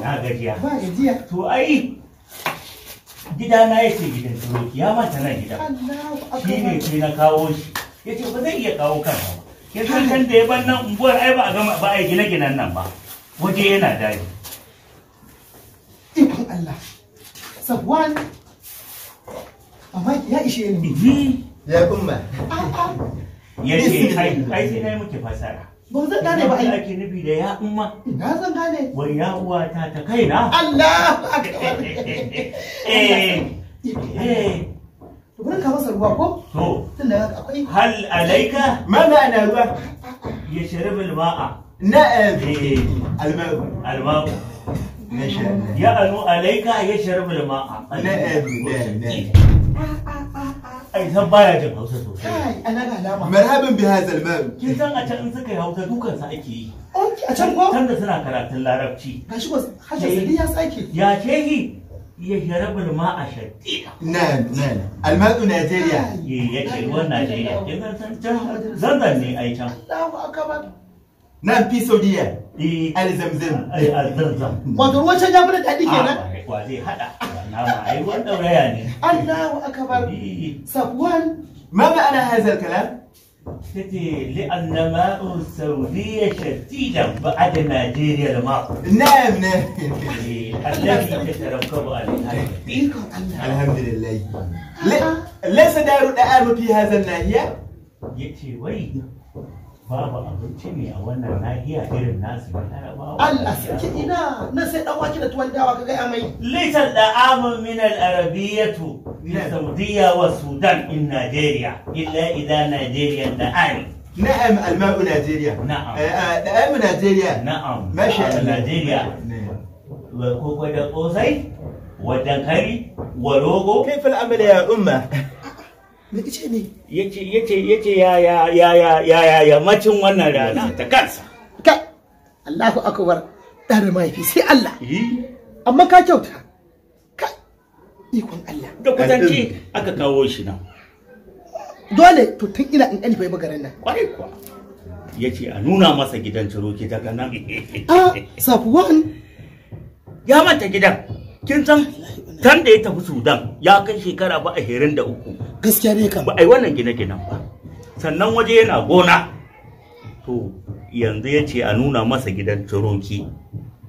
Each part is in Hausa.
na gajiya. Ba gajiya. To ai gida na yake gidan turoki ya mata nan gida. Shi ne sai na kawo shi. Ya ce ba zai iya kawo kansa ba. Ya san can da ya ban nan unguwar ai ba a gama ba a gina gine nan ba. Waje yana daji. Ikon Allah. Safwan. Amma ya ishe ni. Ya umma. Ya ce ai sai na yi muke fasara. Ba zan gane ba ai. ake nufi da ya umma. Na zan gane. Wai ya uwa ta ta kaina. Allah akbar. Eh. Eh. Wurin ka masa ruwa ko? To. Tunda akwai. Hal alaika. Ma ma'ana ruwa. Ya sharibul ma'a. Na'am. Eh. eh. Alma'u. Alma'u. Eh, ya anu alaika ya sharibul ma'a. Na'am. Eh, Na'am. ai san baya jin hausa sosai kai ana alama marhaban bi hazal man kin san a can in suka yi hausa dukan sa ake yi a can ko can da suna karatun larabci gashi ko hajji ya sake ya shehi يشرب الماء شديدا نعم نعم الماء نيجيريا يشرب نيجيريا زندني أي شيء الله nan piso diya alzamzam alzamzam wato ruwan shan jafi da daɗi kenan wa zai haɗa nama ai wannan raya ne Allahu akbar safwan ma ma'ana hazal kalam تدي لأن ماء السعودية شديدا بعد نيجيريا الماء نعم نعم الذي تتركب عليه الحمد لله ليس دار الآن في هذا الناحية يتي وين babu abinci ne a wannan nahiya irin nasu ba larabawa Allah sake ina na sai dan wake da tuwon dawa kaga amai litan da amun min al arabiyatu min saudiya wa sudan in najeriya illa idza najeriya da ani Na'am الماء نيجيريا Na'am. نعم eh, نيجيريا eh, Na'am ما شاء Wa نيجيريا وكوكو kosai wa dankari wa rogo kaifa al'amala ya umma me kace ne yace yace yace ya ya ya ya ya ya macin wannan rana ta kansa kai Allahu akbar da mahaifi sai Allah eh? amma ka kyauta kai ikon Allah da kusanci aka kawo shi nan dole to tun ina in alifai magaran nan kwarai kuwa yace a nuna masa gidan ciroki daga nan a ah, safuwan ya manta gidan kin san kan da ya tafi sudan ya kai shekara ba a herin da uku gaskiya ne kan ba ai wannan gine-ginen ba sannan waje yana gona to yanzu ya ce a nuna masa gidan turonki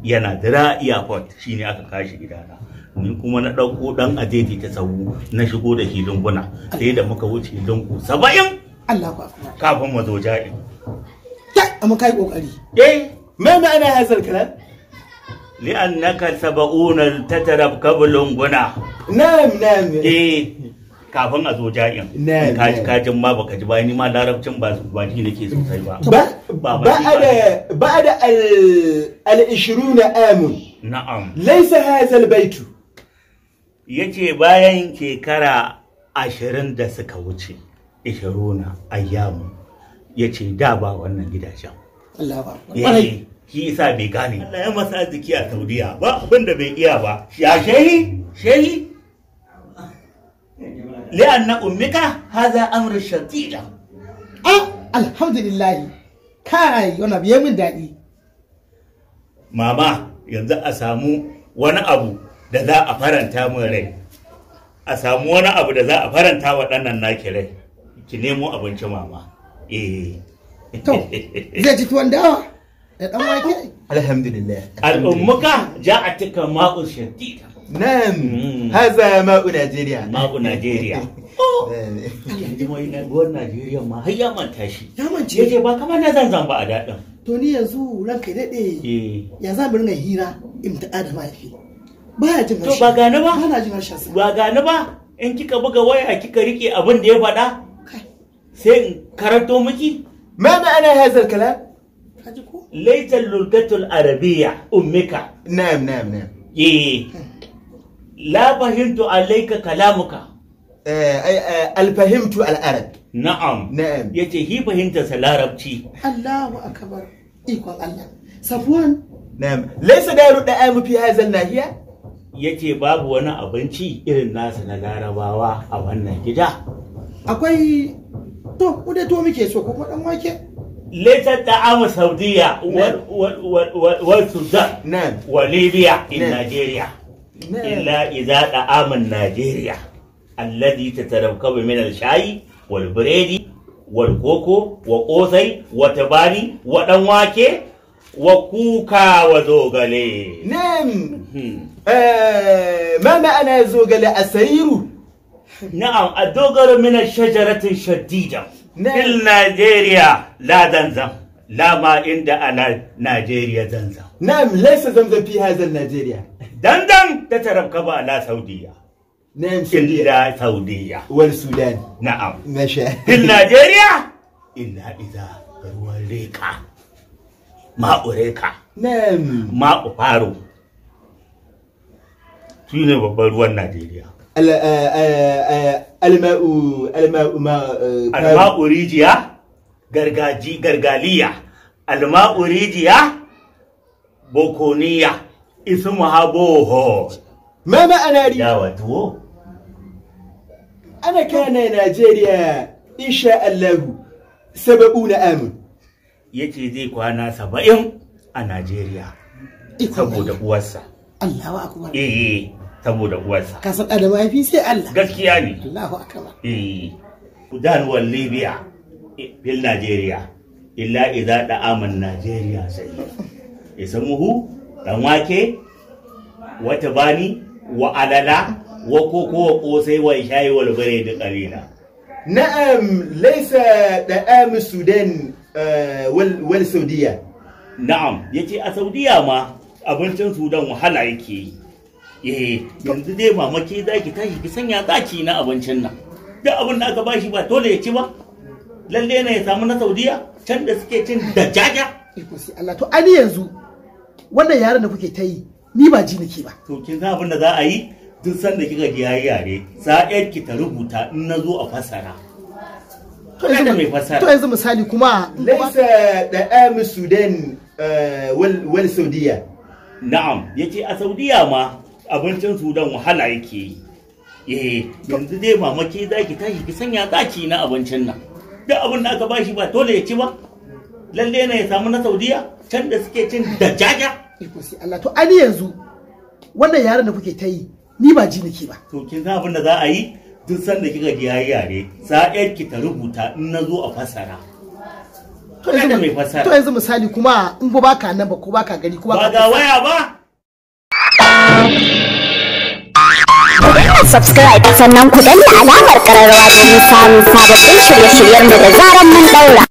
yana dira airport shine aka kashi gidana ni kuma na ɗauko ɗan ajeji ta sabu na shigo da shi lunguna sai da muka wuce lungu saba'in Allah ku kafin mu zo jari amma kai kokari eh me me ana hazar kalan li'annaka sab'una tatarab qablun guna na'am na'am eh kafin a zo ja'in kaji kajin ma baka ji bayan ma larabcin ba ba ji nake sosai ba ba a da al na amun na'am laisa hazal baitu. ya ce bayan shekara ashirin da suka wuce ishiruna ayyamu ya ce da ba wannan gidajen shi isa bai gane Allah ya masa jiki a Saudiya ba abinda bai iya ba ya shehi shehi li'anna ummika hadha amru shatija ah alhamdulillah kai wannan biye min daɗi mama yanzu a samu wani abu da za a faranta min rai a samu wani abu da za a faranta wa ɗannan naki rai ki nemo abinci mama eh to zai ci tuwon dawa da dan wake alhamdulillah al'ummuka ja'atuka ma'u shadida nan hmm. haza ma'u najeriya ma'u najeriya oh! yanzu mai na gowar najeriya ma har ya tashi. shi ya mance yace ba kamar na zanzan ba a daɗin to ni yanzu ranka daɗe eh. ya za mu ringa hira in imti'a da mahaifi ya jin harshe to ba gane ba ana jin harshen sa ba gane ba in kika buga waya kika riƙe abin da ya faɗa sai in karanto miki ma ma'ana hazal kalam laita lulgatul arabiya ummika na'am na'am na'am eh la fahimtu alayka kalamuka eh, eh, alfahimtu al na'am na'am yace hi fahimta sa larabci Allahu akbar ikon Allah Safwan na'am laysa dairu da amu fi hazal nahiya yace babu wani abinci irin nasa na larabawa a wannan gida akwai to kuda to muke so ko dan wake ليست دعاوى السعودية نعم. والسودان نعم وليبيا نعم. النيجيريا نعم. إلا إذا دعام النيجيريا الذي تتركب من الشاي والبريدي والكوكو وقوسي وتباني ودواكي وكوكا وزوغالي نعم آه، ما معنى زوغالي أسير نعم الدوغر من الشجرة الشديدة Nil Nigeria la zanzam la ma inda ala Najeriya zanzam na'am laysa zanzam fi hadha Nigeria. Dandan da tarabka ba ala Saudiya na'am illa Saudiya wal Sudan na'am masha Nil Nigeria, illa idza ruwan reka ma uReka, na'am ma'u faro shine babban ruwan Najeriya alma'u alma'u ma eh, alma'u rijiya gargaji gargaliya alma'u rijiya bokoniya ismu haboho ma ma'ana rijiya wato ana kana Najeriya insha Allah na amin yace zai kwana saba'in a Najeriya saboda uwarsa Allahu akbar eh, eh. saboda uwarsa ka san da mahaifi sai Allah gaskiya ne Allahu akbar eh kudan wal libya fil najeriya illa idza da aman najeriya sai ismuhu dan wake wata bani wa alala wa koko wa kosai wa shayi wal bare da kalila na'am laysa da'am sudan eh, wal saudiya na'am yace a saudiya ma abincin sudan wahala yake yi eh yanzu dai mamaki za ki tashi ki sanya zaki na abincin nan duk abin da aka bashi ba dole ya ci ba lalle ne ya samu na saudiya can da suke cin da jaja Allah to ani yanzu wannan yaran da kuke ta yi ni ba ji nake ba to kin san abin da za a yi duk sanda kika ji yayi yare sa'ar ki ta rubuta in na zo a fasara to yanzu misali kuma laisa da am sudan eh, wal saudiya na'am yace a saudiya ma abincin sudan wahala yake yi eh, yanzu dai mamaki za ki tashi ki sanya daki na abincin nan Da abin da aka bashi ba dole ya ci ba lalle na ya samu na saudiya can da suke cin da jaja iko Allah to ani yanzu wannan yaran da kuke ta yi ni ba ji nake ba to kin san abin da za a yi duk sanda kika ji yayi yare sa'ar ki ta rubuta in na zo a fasara to yanzu mai fasara misali kuma in ba ka nan ba ko ba ka gani ko ba ka ga waya ba Ku danna subscribe sannan ku danna alamar ƙararrawa domin samun sababbin shirye mu da zarar mun ɗaura.